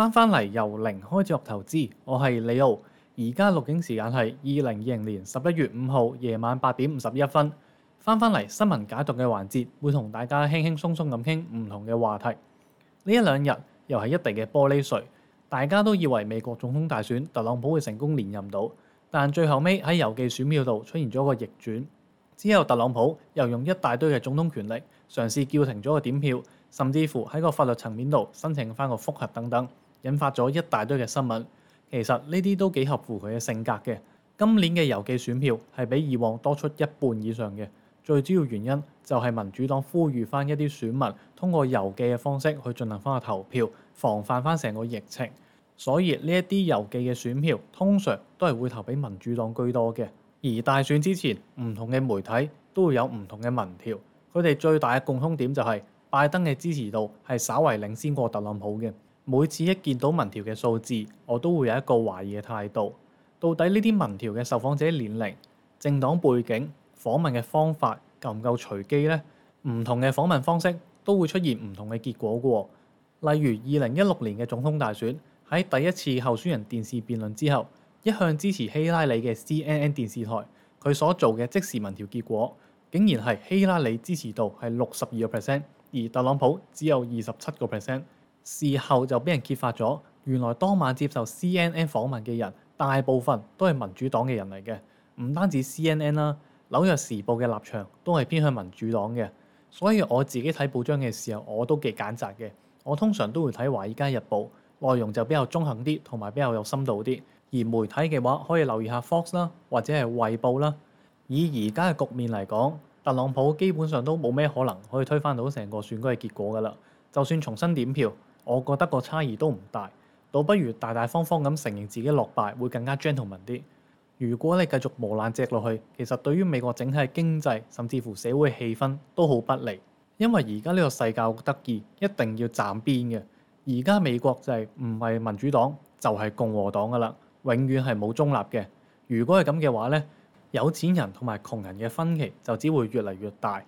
翻翻嚟由零開始學投資，我係李奧。而家錄影時間係二零二零年十一月五號夜晚八點五十一分。翻翻嚟新聞解讀嘅環節，會同大家輕輕鬆鬆咁傾唔同嘅話題。呢一兩日又係一地嘅玻璃碎，大家都以為美國總統大選特朗普會成功連任到，但最後尾喺郵寄選票度出現咗個逆轉。之後特朗普又用一大堆嘅總統權力嘗試叫停咗個點票，甚至乎喺個法律層面度申請翻個複核等等。引發咗一大堆嘅新聞，其實呢啲都幾合乎佢嘅性格嘅。今年嘅郵寄選票係比以往多出一半以上嘅，最主要原因就係民主黨呼籲翻一啲選民通過郵寄嘅方式去進行翻個投票，防範翻成個疫情。所以呢一啲郵寄嘅選票通常都係會投俾民主黨居多嘅。而大選之前唔同嘅媒體都會有唔同嘅民調，佢哋最大嘅共通點就係拜登嘅支持度係稍為領先過特朗普嘅。每次一見到民調嘅數字，我都會有一個懷疑嘅態度。到底呢啲民調嘅受訪者年齡、政黨背景、訪問嘅方法夠唔夠隨機呢？唔同嘅訪問方式都會出現唔同嘅結果嘅。例如二零一六年嘅總統大選喺第一次候選人電視辯論之後，一向支持希拉里嘅 CNN 電視台佢所做嘅即時民調結果，竟然係希拉里支持度係六十二個 percent，而特朗普只有二十七個 percent。事後就俾人揭發咗，原來當晚接受 CNN 訪問嘅人大部分都係民主黨嘅人嚟嘅，唔單止 CNN 啦，《紐約時報》嘅立場都係偏向民主黨嘅。所以我自己睇報章嘅時候，我都幾揀擇嘅。我通常都會睇《華爾街日報》，內容就比較中肯啲，同埋比較有深度啲。而媒體嘅話，可以留意下 Fox 啦，或者係《衛報》啦。以而家嘅局面嚟講，特朗普基本上都冇咩可能可以推翻到成個選舉嘅結果㗎啦。就算重新點票，我覺得個差異都唔大，倒不如大大方方咁承認自己落敗，會更加 gentleman 啲。如果你繼續磨爛蓆落去，其實對於美國整體經濟，甚至乎社會氣氛都好不利。因為而家呢個世界得意，一定要站邊嘅。而家美國就係唔係民主黨就係共和黨㗎喇，永遠係冇中立嘅。如果係咁嘅話咧，有錢人同埋窮人嘅分歧就只會越嚟越大。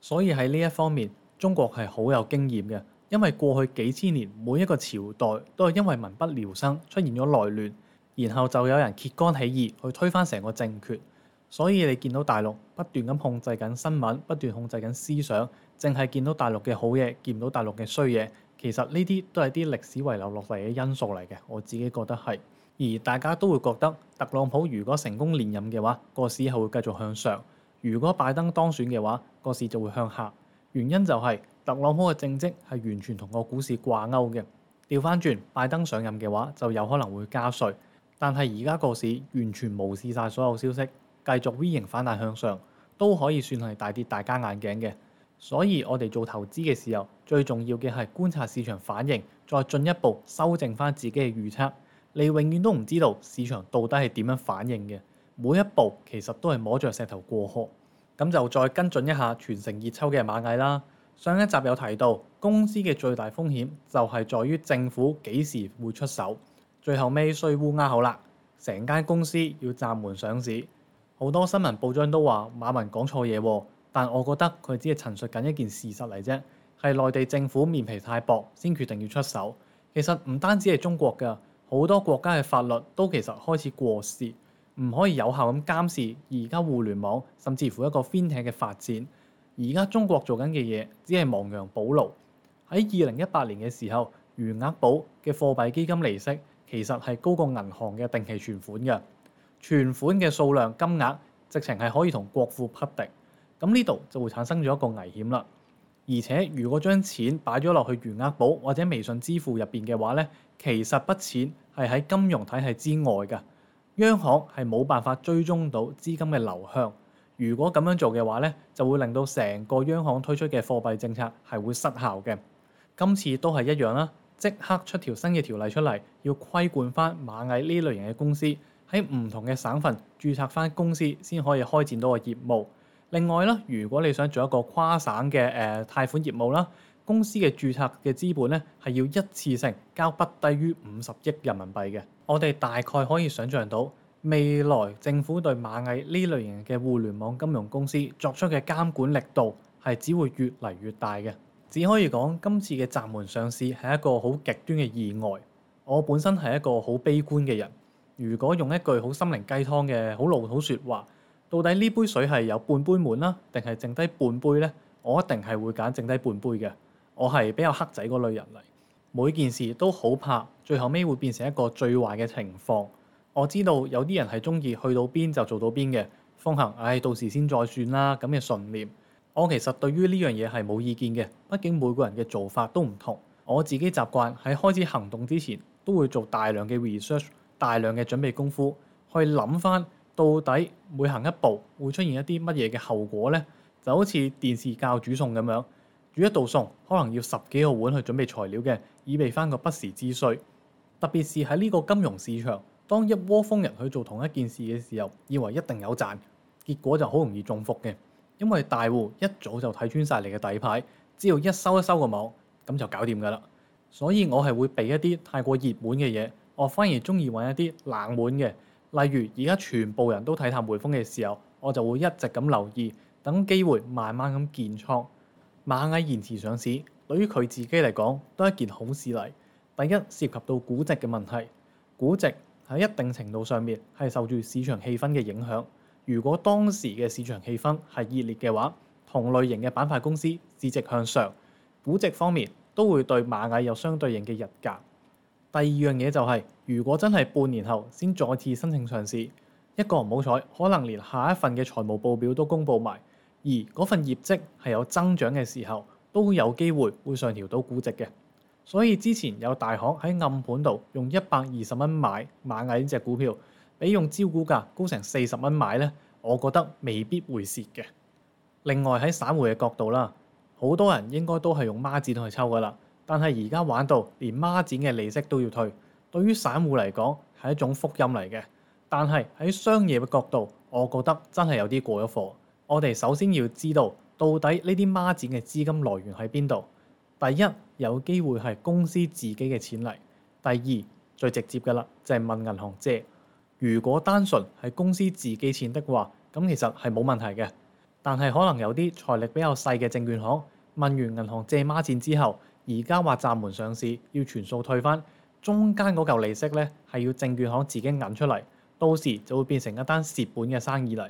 所以喺呢一方面，中國係好有經驗嘅。因為過去幾千年，每一個朝代都係因為民不聊生出現咗內亂，然後就有人揭竿起義去推翻成個政權。所以你見到大陸不斷咁控制緊新聞，不斷控制緊思想，淨係見到大陸嘅好嘢，見唔到大陸嘅衰嘢。其實呢啲都係啲歷史遺留落嚟嘅因素嚟嘅，我自己覺得係。而大家都會覺得特朗普如果成功連任嘅話，個市係會繼續向上；如果拜登當選嘅話，個市就會向下。原因就係。特朗普嘅政績，係完全同個股市掛鈎嘅。調翻轉拜登上任嘅話，就有可能會加稅，但係而家個市完全無視晒所有消息，繼續 V 型反彈向上，都可以算係大跌大家眼鏡嘅。所以我哋做投資嘅時候，最重要嘅係觀察市場反應，再進一步修正翻自己嘅預測。你永遠都唔知道市場到底係點樣反應嘅，每一步其實都係摸着石頭過河。咁就再跟進一下全城熱秋嘅螞蟻啦。上一集有提到，公司嘅最大風險就係在於政府幾時會出手，最後尾稅烏鴉口啦，成間公司要暫緩上市。好多新聞報章都話馬雲講錯嘢，但我覺得佢只係陳述緊一件事實嚟啫，係內地政府面皮太薄，先決定要出手。其實唔單止係中國㗎，好多國家嘅法律都其實開始過時，唔可以有效咁監視而家互聯網甚至乎一個 fintech 嘅發展。而家中國做緊嘅嘢，只係亡羊補牢。喺二零一八年嘅時候，餘額寶嘅貨幣基金利息其實係高過銀行嘅定期存款嘅，存款嘅數量金額直情係可以同國庫匹敵。咁呢度就會產生咗一個危險啦。而且如果將錢擺咗落去餘額寶或者微信支付入邊嘅話咧，其實筆錢係喺金融體系之外嘅，央行係冇辦法追蹤到資金嘅流向。如果咁樣做嘅話咧，就會令到成個央行推出嘅貨幣政策係會失效嘅。今次都係一樣啦，即刻出條新嘅條例出嚟，要規管翻螞蟻呢類型嘅公司，喺唔同嘅省份註冊翻公司，先可以開展到個業務。另外啦，如果你想做一個跨省嘅誒貸款業務啦，公司嘅註冊嘅資本咧係要一次性交不低於五十億人民幣嘅。我哋大概可以想像到。未來政府對螞蟻呢類型嘅互聯網金融公司作出嘅監管力度係只會越嚟越大嘅，只可以講今次嘅閘門上市係一個好極端嘅意外。我本身係一個好悲觀嘅人，如果用一句好心靈雞湯嘅好老土説話，到底呢杯水係有半杯滿啦，定係剩低半杯呢？我一定係會揀剩低半杯嘅，我係比較黑仔嗰類人嚟，每件事都好怕，最後尾會變成一個最壞嘅情況。我知道有啲人係中意去到邊就做到邊嘅，奉行。唉、哎，到時先再算啦。咁嘅信念，我其實對於呢樣嘢係冇意見嘅。畢竟每個人嘅做法都唔同。我自己習慣喺開始行動之前都會做大量嘅 research，大量嘅準備功夫去諗翻到底每行一步會出現一啲乜嘢嘅後果呢。就好似電視教煮餸咁樣，煮一道餸，可能要十幾個碗去準備材料嘅，以備翻個不時之需。特別是喺呢個金融市場。當一窩蜂人去做同一件事嘅時候，以為一定有賺，結果就好容易中伏嘅。因為大戶一早就睇穿晒你嘅底牌，只要一收一收個網，咁就搞掂㗎啦。所以我係會避一啲太過熱門嘅嘢，我反而中意揾一啲冷門嘅。例如而家全部人都睇淡匯豐嘅時候，我就會一直咁留意，等機會慢慢咁建倉。螞蟻延遲上市，對於佢自己嚟講都係一件好事嚟。第一，涉及到估值嘅問題，估值。喺一定程度上面係受住市場氣氛嘅影響。如果當時嘅市場氣氛係熱烈嘅話，同類型嘅板塊公司市值向上，估值方面都會對螞蟻有相對應嘅日價。第二樣嘢就係、是，如果真係半年後先再次申請上市，一個唔好彩，可能連下一份嘅財務報表都公布埋，而嗰份業績係有增長嘅時候，都有機會會上調到估值嘅。所以之前有大行喺暗盤度用一百二十蚊買螞蟻呢隻股票，比用招股價高成四十蚊買咧，我覺得未必會蝕嘅。另外喺散戶嘅角度啦，好多人應該都係用孖展去抽噶啦，但係而家玩到連孖展嘅利息都要退，對於散戶嚟講係一種福音嚟嘅。但係喺商業嘅角度，我覺得真係有啲過咗火。我哋首先要知道到底呢啲孖展嘅資金來源喺邊度。第一。有機會係公司自己嘅錢嚟。第二，最直接嘅啦，就係、是、問銀行借。如果單純係公司自己錢的話，咁其實係冇問題嘅。但係可能有啲財力比較細嘅證券行問完銀行借孖展之後，而家話暫緩上市，要全數退返，中間嗰嚿利息咧，係要證券行自己揾出嚟，到時就會變成一單蝕本嘅生意嚟。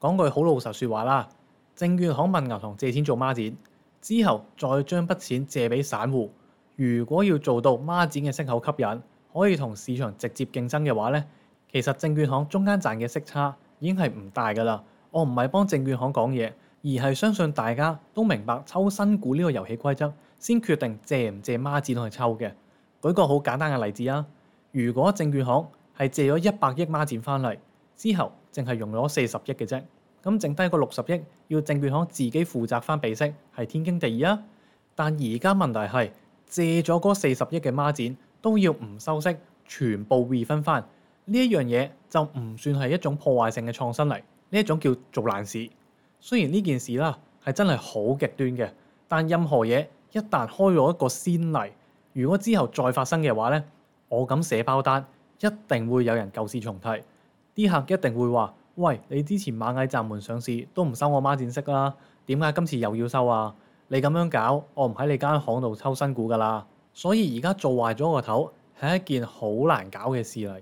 講句好老實説話啦，證券行問銀行借錢做孖展。之後再將筆錢借俾散戶。如果要做到孖展嘅息口吸引，可以同市場直接競爭嘅話咧，其實證券行中間賺嘅息差已經係唔大㗎喇。我唔係幫證券行講嘢，而係相信大家都明白抽新股呢個遊戲規則，先決定借唔借孖展去抽嘅。舉個好簡單嘅例子啊，如果證券行係借咗一百億孖展返嚟，之後淨係用咗四十億嘅啫。咁剩低個六十億要證券行自己負責翻畀息，係天經地義啊！但而家問題係借咗嗰四十億嘅孖展都要唔收息，全部 refund 翻呢一樣嘢就唔算係一種破壞性嘅創新嚟，呢一種叫做爛事。雖然呢件事啦係真係好極端嘅，但任何嘢一旦開咗一個先例，如果之後再發生嘅話咧，我敢寫包單，一定會有人舊事重提，啲客一定會話。喂，你之前螞蟻集團上市都唔收我孖展息啦，點解今次又要收啊？你咁樣搞，我唔喺你間行度抽新股噶啦。所以而家做壞咗個頭係一件好難搞嘅事嚟。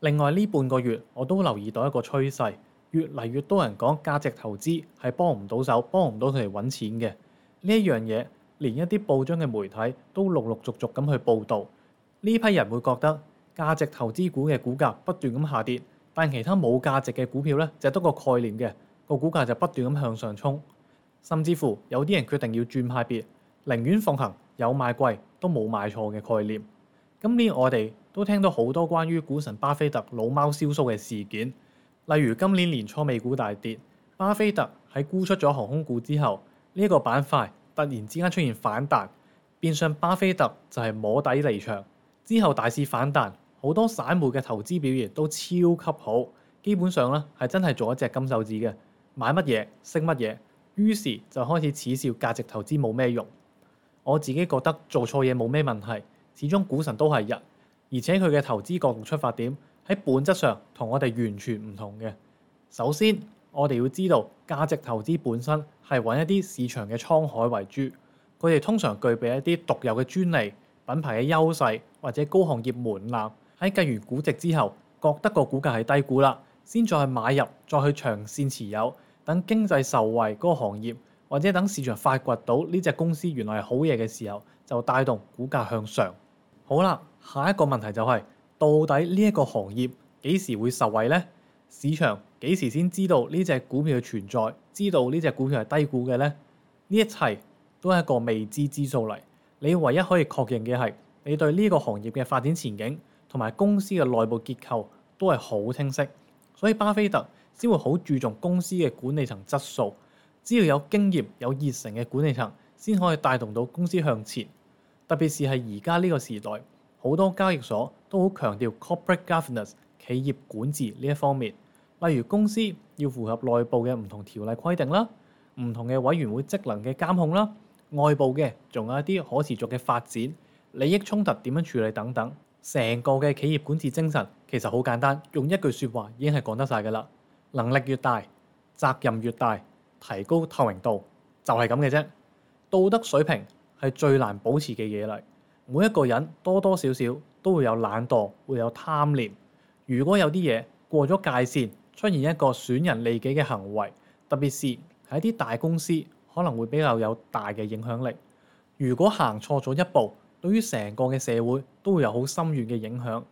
另外呢半個月我都留意到一個趨勢，越嚟越多人講價值投資係幫唔到手、幫唔到佢哋揾錢嘅，呢一樣嘢，連一啲報章嘅媒體都陸陸續續咁去報導。呢批人會覺得價值投資股嘅股價不斷咁下跌。但其他冇價值嘅股票咧，就得個概念嘅個股價就不斷咁向上衝，甚至乎有啲人決定要轉派別，寧願奉行有買貴都冇買錯嘅概念。今年我哋都聽到好多關於股神巴菲特老貓燒鬚嘅事件，例如今年年初美股大跌，巴菲特喺沽出咗航空股之後，呢個板塊突然之間出現反彈，變相巴菲特就係摸底離場，之後大市反彈。好多散戶嘅投資表現都超級好，基本上咧係真係做一隻金手指嘅，買乜嘢升乜嘢，於是就開始恥笑價值投資冇咩用。我自己覺得做錯嘢冇咩問題，始終股神都係人，而且佢嘅投資角度出發點喺本質上同我哋完全唔同嘅。首先，我哋要知道價值投資本身係揾一啲市場嘅滄海遺珠，佢哋通常具備一啲獨有嘅專利、品牌嘅優勢或者高行業門檻。喺計完估值之後，覺得個股價係低估啦，先再去買入，再去長線持有。等經濟受惠嗰個行業，或者等市場發掘到呢隻公司原來係好嘢嘅時候，就帶動股價向上。好啦，下一個問題就係、是，到底呢一個行業幾時會受惠呢？市場幾時先知道呢隻股票嘅存在？知道呢隻股票係低估嘅呢？呢一切都係一個未知之數嚟。你唯一可以確認嘅係你對呢個行業嘅發展前景。同埋公司嘅內部結構都係好清晰，所以巴菲特先會好注重公司嘅管理層質素。只要有經驗、有熱誠嘅管理層，先可以帶動到公司向前。特別是係而家呢個時代，好多交易所都好強調 Corporate Governance 企業管治呢一方面，例如公司要符合內部嘅唔同條例規定啦，唔同嘅委員會職能嘅監控啦，外部嘅仲有一啲可持續嘅發展、利益衝突點樣處理等等。成個嘅企業管治精神其實好簡單，用一句説話已經係講得晒㗎啦。能力越大，責任越大，提高透明度就係咁嘅啫。道德水平係最難保持嘅嘢嚟，每一個人多多少少都會有懶惰，會有貪念。如果有啲嘢過咗界線，出現一個損人利己嘅行為，特別是喺一啲大公司，可能會比較有大嘅影響力。如果行錯咗一步，對於成個嘅社會都會有好深遠嘅影響。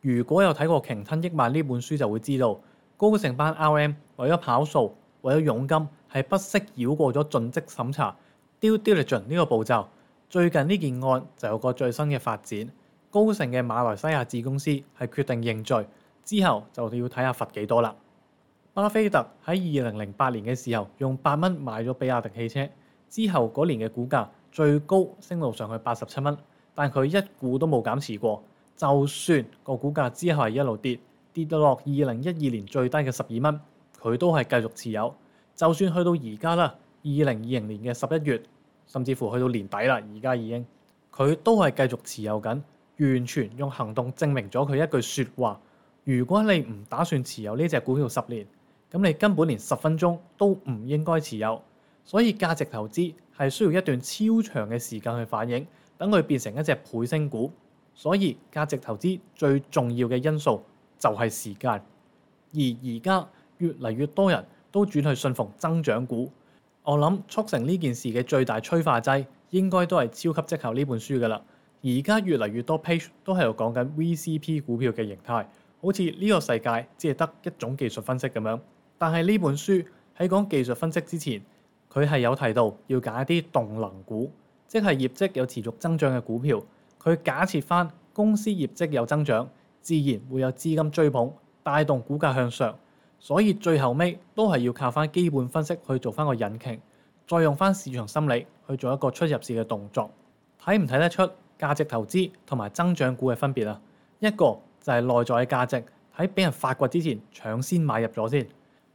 如果有睇過《鯨吞億萬》呢本書就會知道，高盛班 RM 為咗跑數、為咗佣金，係不惜繞過咗盡職審查、due diligence 呢個步驟。最近呢件案就有個最新嘅發展，高盛嘅馬來西亞子公司係決定認罪，之後就要睇下罰幾多啦。巴菲特喺二零零八年嘅時候用八蚊買咗比亞迪汽車，之後嗰年嘅股價，最高升到上去八十七蚊，但佢一股都冇減持過，就算個股價之後係一路跌，跌到落二零一二年最低嘅十二蚊，佢都係繼續持有。就算去到而家啦，二零二零年嘅十一月，甚至乎去到年底啦，而家已經，佢都係繼續持有緊，完全用行動證明咗佢一句說話，如果你唔打算持有呢隻股票十年，咁你根本連十分鐘都唔應該持有。所以價值投資。係需要一段超長嘅時間去反映，等佢變成一隻倍升股。所以價值投資最重要嘅因素就係時間。而而家越嚟越多人都轉去信奉增長股。我諗促成呢件事嘅最大催化劑應該都係《超級績效》呢本書㗎啦。而家越嚟越多 page 都喺度講緊 VCP 股票嘅形態，好似呢個世界只係得一種技術分析咁樣。但係呢本書喺講技術分析之前。佢係有提到要揀一啲動能股，即係業績有持續增長嘅股票。佢假設翻公司業績有增長，自然會有資金追捧，帶動股價向上。所以最後尾都係要靠翻基本分析去做翻個引擎，再用翻市場心理去做一個出入市嘅動作。睇唔睇得出價值投資同埋增長股嘅分別啊？一個就係內在嘅價值喺俾人發掘之前搶先買入咗先，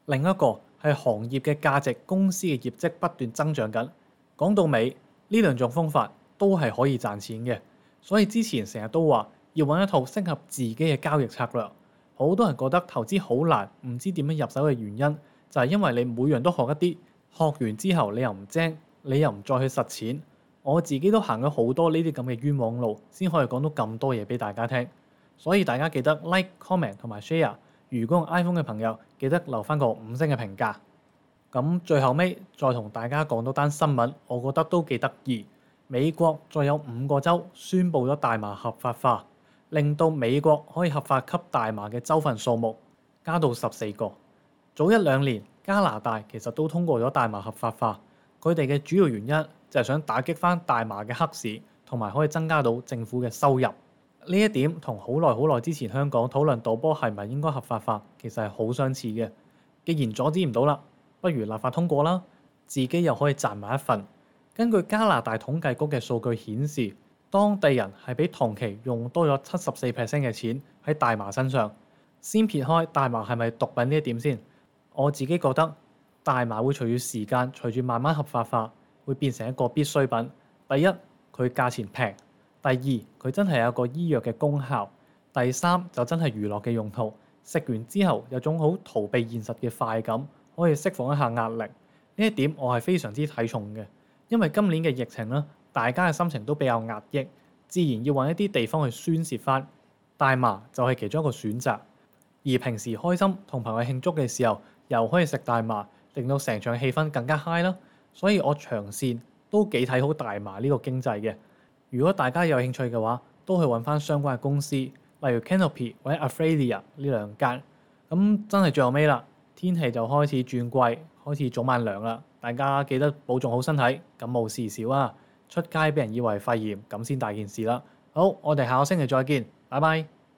另一個。係行業嘅價值，公司嘅業績不斷增長緊。講到尾，呢兩種方法都係可以賺錢嘅。所以之前成日都話要揾一套適合自己嘅交易策略。好多人覺得投資好難，唔知點樣入手嘅原因，就係因為你每樣都學一啲，學完之後你又唔精，你又唔再去實踐。我自己都行咗好多呢啲咁嘅冤枉路，先可以講到咁多嘢俾大家聽。所以大家記得 like、comment 同埋 share。如果用 iPhone 嘅朋友，記得留翻個五星嘅評價。咁最後尾再同大家講多單新聞，我覺得都幾得意。美國再有五個州宣布咗大麻合法化，令到美國可以合法吸大麻嘅州份數目加到十四個。早一兩年加拿大其實都通過咗大麻合法化，佢哋嘅主要原因就係想打擊翻大麻嘅黑市，同埋可以增加到政府嘅收入。呢一點同好耐好耐之前香港討論賭波係咪應該合法化，其實係好相似嘅。既然阻止唔到啦，不如立法通過啦，自己又可以賺埋一份。根據加拿大統計局嘅數據顯示，當地人係比同期用多咗七十四 percent 嘅錢喺大麻身上。先撇開大麻係咪毒品呢一點先，我自己覺得大麻會隨住時間，隨住慢慢合法化，會變成一個必需品。第一，佢價錢平。第二，佢真係有個醫藥嘅功效；第三，就真係娛樂嘅用途。食完之後有種好逃避現實嘅快感，可以釋放一下壓力。呢一點我係非常之睇重嘅，因為今年嘅疫情咧，大家嘅心情都比較壓抑，自然要揾一啲地方去宣泄翻。大麻就係其中一個選擇，而平時開心同朋友慶祝嘅時候，又可以食大麻，令到成場氣氛更加 high 啦。所以我長線都幾睇好大麻呢個經濟嘅。如果大家有興趣嘅話，都去揾翻相關嘅公司，例如 Canopy 或者 Australia 呢兩間。咁、嗯、真係最後尾啦，天氣就開始轉季，開始早晚涼啦。大家記得保重好身體，感冒事少啊！出街俾人以為肺炎，咁先大件事啦。好，我哋下個星期再見，拜拜。